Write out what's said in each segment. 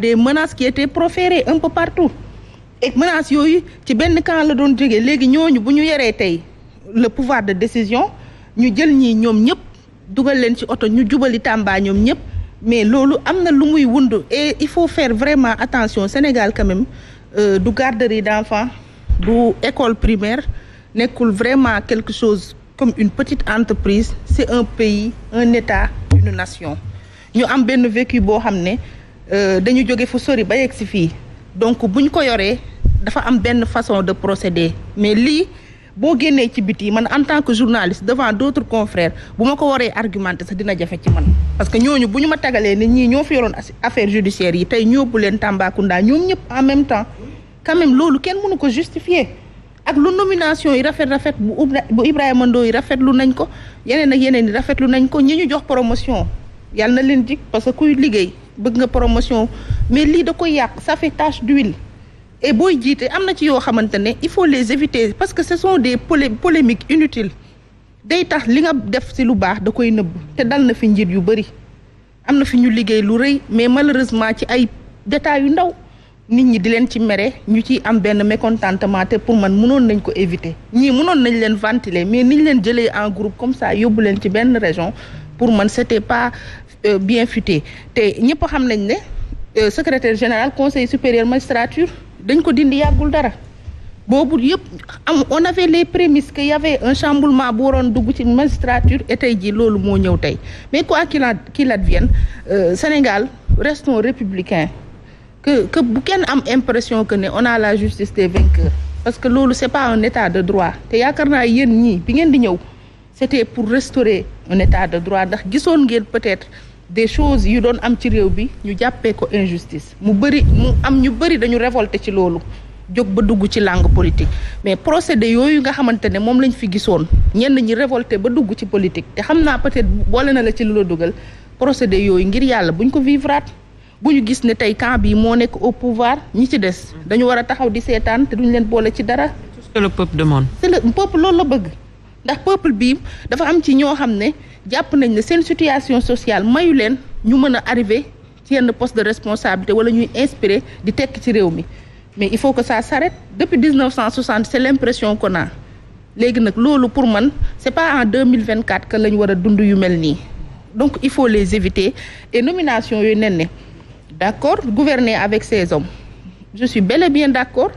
des menaces qui étaient proférées un peu partout et menance yooyu ci benn camp la doon jógee léegi ñooñu bu ñu yoree tey le pouvoir de décision ñu jël ñii ñoom ñëpp dugal leen ci oto ñu jubali Tamba ñoom ñëpp mais loolu am na lu muy wund et il faut faire vraiment attention Sénégal quand même euh, du garderie d'enfants du école primaire nekkul vraiment quelque chose comme une petite entreprise c'est un pays un État une nation ñu am benn vécu boo xam ne Euh, dañu jóge fu sori ba yeg si fii donc bu ñu ko yoree dafa am benn façon de procéder mais lii boo génnee ci biti man en tant que journaliste devant d' autres confrères bu ma ko waree argumente sax dina jafe ci man parce que ñooñu bu ñu ma tagalee ne ñi ñoo fi yoroon affaire judiciaire yi tey ñóbbu leen Tambacounda ñoom ñëpp en même temps quand même loolu kenn mënu ko justifier ak lu nomination yi rafet rafet bu bu Ibrahima Ndo yi rafetlu nañ ko yeneen ak yeneen yi rafetlu nañ ko ñi ñu jox promotion yàlla na leen jig parce que kuy liggéey bëgg nga promotion mais lii da koy yàq sa fait tache d'huile et booy jiite am na ci yoo xamante ne il faut les éviter parce que ce sont des polé polémiques inutiles day tax li nga def si lu baax da koy nëbb te dal na fi njiit yu bëri am na fi ñu liggéey lu rëy mais malheureusement ci ay détails yu ndaw nit ñi di leen ci mere ñu ciy am benn mécontentement te pour man mënoon nañ ko éviter ñii mënoon nañ leen ventiler mais niñ leen jëlee en groupe comme ça yóbbu leen ci benn région pour man c'était pas Euh, bien futé te ñëpp xam nañ ne euh, secretaire général conseil supérieur magistrature dañ ko dindi yàggul dara boobu yëpp am on avait les prémices que y un chamboulement bu waroon dugg ci magistrature et tey jii loolu moo ñëw tey mais quoi qu'il ad qu'il advienne euh, Sénégal restons républicains que que bu kenn am impression que ne on a la justice des vainqueurs parce que loolu c'est pas un état de droit te yaakaar naa yéen ñii bi ngeen di ñëw c'était pour restaurer un état de droit ndax gisoon ngeen peut-être des choses yu doon am ci réew bi ñu jàppee ko injustice mu bëri mu am ñu bëri dañu révolté ci loolu jóg ba dugg ci langue politique mais procédé yooyu nga xamante ne moom lañ fi gisoon ñenn ñi révolté ba dugg ci politique te xam naa peut-être boole na la ci lu la dugal procédé yooyu ngir yàlla bu buñ ko vivraat bu ñu gis ne tey camp bii moo nekk au pouvoir ñi ci des dañu war a taxaw di seetaan te duñ leen boole ci dara. c'est le peuple demande. c'est le peuple loolu ndax peuple bii dafa am ci ñoo xam ne jàpp nañ ne seen situation sociale mayu leen ñu mën a arrivé ci yenn poste de responsabilité wala ñuy inspiré di tekk ci réew mi mais il faut que ça s'arrête depuis 1960 c'est l'impression qu'on a léegi nag loolu pour man c'est pas en 2024 que lañ war dund yu mel nii donc il faut les éviter et nomination yooyu nen ne d'accord gouverner avec ses hommes je suis bel et bien d'accord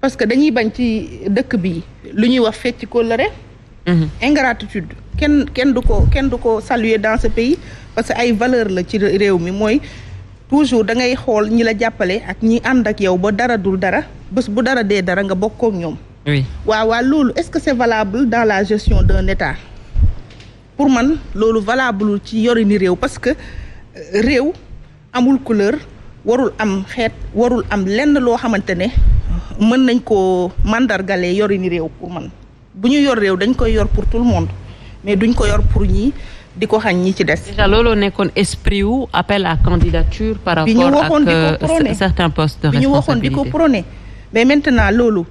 parce que dañuy bañ ci dëkk bi lu ñuy wax fecc ci kóllëre Mm-hmm. ingratitude kenn kenn du ko kenn du ko saluer dans ce pays parce que ay valeur la ci réew mi mooy toujours da ngay xool ñi la jàppale ak ñi ànd ak yow ba dara dul dara bés bu dara dee dara nga bokkook ñoom oui waaw waaw loolu est-ce que c'est valable dans la gestion d'un État pour man loolu valable ci yori ni réew parce que euh, réew amul culeur warul am xeet warul am lenn loo xamante ne mën nañ koo màndargalee yori ni réew pour man bu ñu yor réew dañ koy yor pour tout le monde mais duñ ko yor pour ñi di ko xañ ñi ci des. déjà looloo nekkoon esprit wu appel à candidature. par rapport ak euh, bi ñu waxoon di ko ko prôné mais maintenant loolu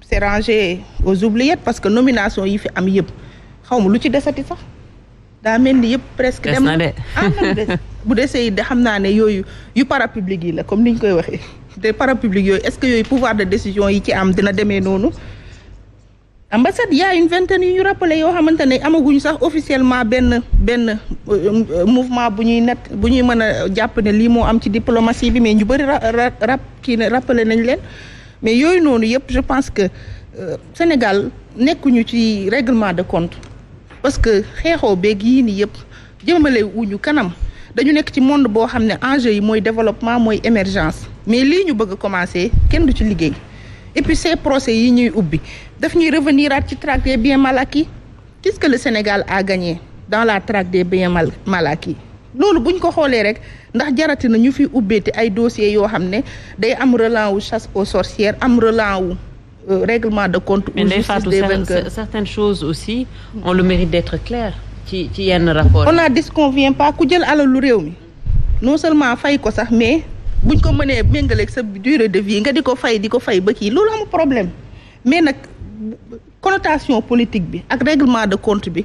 c'est rangé aux oubliettes parce que nomination yi fi am yëpp xaw ma lu ci desati sax daa mel ni yëpp presque. dem na de ah, bu desee de xam naa ne yooyu yu parapublic yi la comme ni ñu koy waxee te parapublic yooyu est-ce que yooyu pouvoir de décision yi ci am dina demee noonu. ambassade y a yi yu ñu rappelé yoo xamante ne amaguñ sax officiellement benn benn euh, mouvement bu ñuy net bu ñuy mën a jàpp ne lii moo am ci diplomatie bi mais ñu bëri rap kii ne rappelé nañ leen mais yooyu noonu yëpp je pense que euh, Sénégal nekkuñu ci réglement de compte parce que xeexoo beeg yii nii yëpp jëmale wuñu kanam dañu nekk ci monde boo xam ne enjeu yi mooy développement mooy émergence mais lii ñu bëgg a commencé kenn du ci liggéey et puis ces ñuy ubbi daf ñuy revenir at ci traque des biens mal acquis le Sénégal a gagné dans la traque des biens mal mal acquis loolu buñ ko xoolee rek ndax jarati na ñu fi ubbeeti ay dossiers yoo xam ne day am relan wu chasse aux sorcières am relan wu euh, règlement de compte. ou justice des vainqueurs aussi on le mérite ci ci yenn rapport on n'en disconvient pas ku jël lu réew mi non seulement fay ko sax mais buñ ko mënee méngaleeg sa durée de vie nga di ko fay di ko fay ba kii loolu am problème mais nag. connotation politique bi ak réglement de compte bi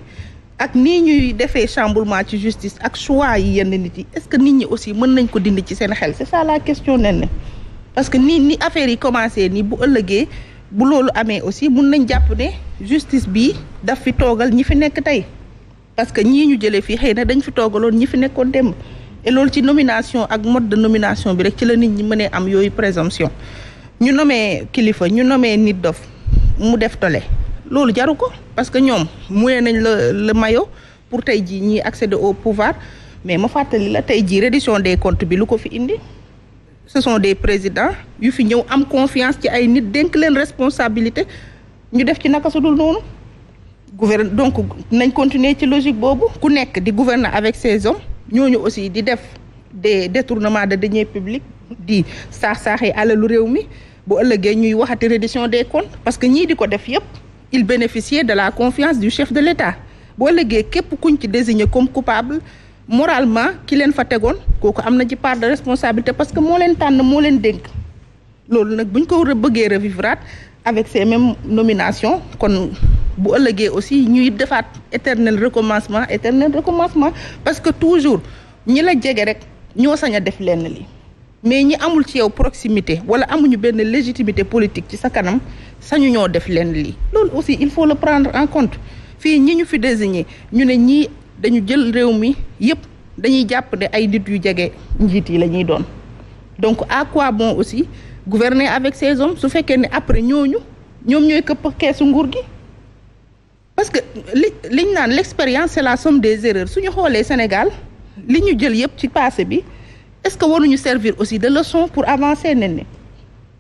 ak nii ñuy defee chamboulement ci justice ak choix yi yenn nit yi est-ce que nit ñi aussi mën nañ ko dindi ci seen xel c'est ça la question nen parce que ni ni affaire yi commencer ni bu ëllëgee bu loolu amee aussi mun nañ jàpp ne justice bi daf fi toogal ñi fi nekk tey parce que ñii ñu jëlee fii xëy na dañ fi toogaloon ñi fi nekkoon dem et loolu ci nomination ak mode de nomination bi rek ci la nit ñi mënee am yooyu présomption ñu nomee kilifa ñu nomee nit dof mu def tole loolu jaru ko parce que ñoom muyee nañ la le maillot pour tey jii ñii accéder au pouvoir mais ma fàttali la tey jii reddition des comptes bi lu ko fi indi ce sont des présidents yu fi ñëw am confiance ci ay nit dénk leen responsabilité ñu def ci naka su dul noonu gouverne donc nañ continuer ci logique boobu ku nekk di gouverner avec saison ñooñu aussi di def des détournements de deniers publics di saax saaxi alalu réew mi bu ëllëgee ñuy waxati reddition des comptes parce que ñii di ko def yépp il bénéficiait de la confiance du chef de l'État bu ëllëgee képp kuñ ci désigné comme coupable moralement ki leen fa tegoon kooku am na ci part de responsabilité parce que moo leen tànn moo leen dénk loolu nag buñ ko bëggee revivraat avec ces mêmes nominations kon bu ëllëgee aussi ñuy defaat éternel recommencement éternel recommencement parce que toujours ñi la jege rek ñoo sañ a def lenn li mais ñi amul ci yow proximité wala amuñu benn légitimité politique ci sa kanam sañu ñoo def leen lii loolu aussi il faut le prendre en compte fii ñi ñu fi désigné ñu ne ñii dañu jël réew mi yépp dañuy jàpp ne ay nit yu jege njiit yi la ñuy doon donc à quoi bon aussi gouverner avec ses hommes su fekkee ne après ñooñu ñoom ñooy këpp keesu nguur gi parce que li liñ naan l'expérience c'est la somme des erreurs suñu xoolee Sénégal li ñu jël yépp ci passé bi est-ce que waruñu servir aussi de leçon pour avancer nen ne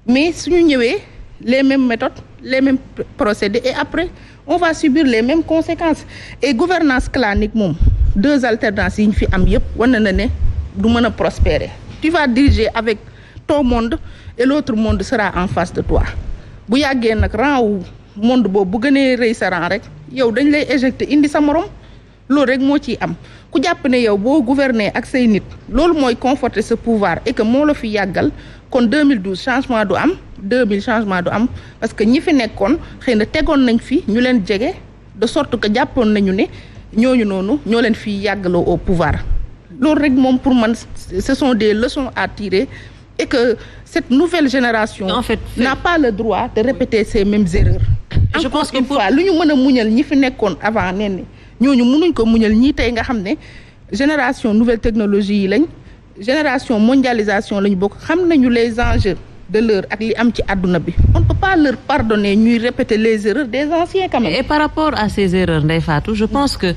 mais suñu ñëwee les mêmes méthodes les mêmes procédés et après on va subir les mêmes conséquences et gouvernance clanique moom deux alternances yi ñu fi am yëpp wane na ne du mën a prospérer tu vas diriger avec ton monde et l'autre monde sera en face de toi bu yàggee nag rang wu monde boobu bu gënee rëy rek yow dañ lay éjecter indi sa morom loolu rek moo ciy am ku jàpp ne yow boo gouverner ak say nit loolu mooy conforter sa pouvoir et que moo la fi yàggal kon 2012 changement du am 2000 changement du am parce que ñi fi nekkoon xëy na tegoon nañ fi ñu leen jege de sorte que jàppoon nañu ne ñooñu noonu ñoo leen fi yàggaloo au pouvoir loolu rek moom pour man ce sont des leçons à tirer et que cette nouvelle génération en fait, n'a pas le droit de répéter ces mêmes erreurs. je pense que lu ñu mën a muñal ñi fi nekkoon avant nee ñooñu mënuñ ko muñal ñii tey nga xam ne génération nouvelle technologie yi lañ génération mondialisation lañ bokk xam nañu les enjeux de l'heure ak li am ci àdduna bi on par peut pas leur pardonner ñuy répéter les erreurs des anciens quand et par rapport à ces erreurs Ndeye Fatou je pense que.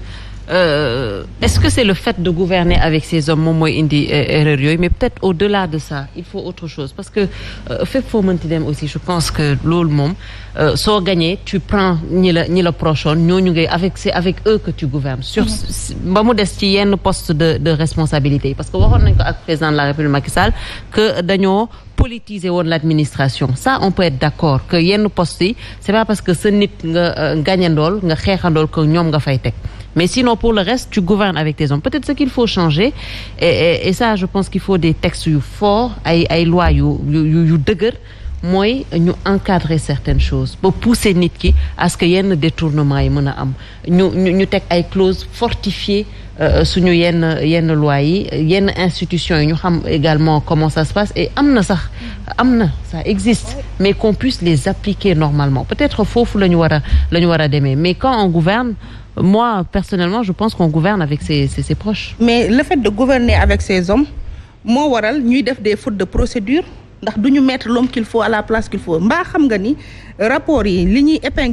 Euh, est-ce que c'est le fait de gouverner avec ces hommes moom mooy indi euh, erreur yooyu mais peut-être au-delà de ça il faut autre chose parce que euh, fépp foo manti dem aussi je pense que loolu moom euh, soo gagné tu prends ñi la ñi la ñoo ñu ngay avec c'est avec eux que tu gouvernes mm-hmm. ba mu des ci yenn poste de de responsabilité yi parce que waxoon nañ ko ak président de la République Macky Sall que dañoo politiser woon l'administration ça on peut être d'accord que yenn poste yi c'est parce que sa nit nga gañandool nga xeexandool que ñoom nga fay teg Mais sinon, pour le reste, tu gouvernes avec tes hommes. Peut-être ce qu'il faut changer, et, et, et, ça, je pense qu'il faut des textes forts, des lois mooy ñu encadrer certaines choses pour pousser nit ki à ce que yenn détournement yi mën a am ñu ñu ñu teg ay clauses fortifiées euh, suñu yenn yenn loi yi yenn institutions yi ñu xam également comment ça se passe et am na sax am na ça existe mais qu'on puisse les appliquer normalement peut-être foofu la ñu war a la ñu war a mais moi, personnellement, je pense qu'on gouverne avec ses, ses, ses, proches. Mais le fait de gouverner avec ses hommes, moo waral ñuy def des fautes de procédure ndax du ñu mettre l'homme qu'il faut à la place qu'il faut mbaa xam nga ni rapport yi li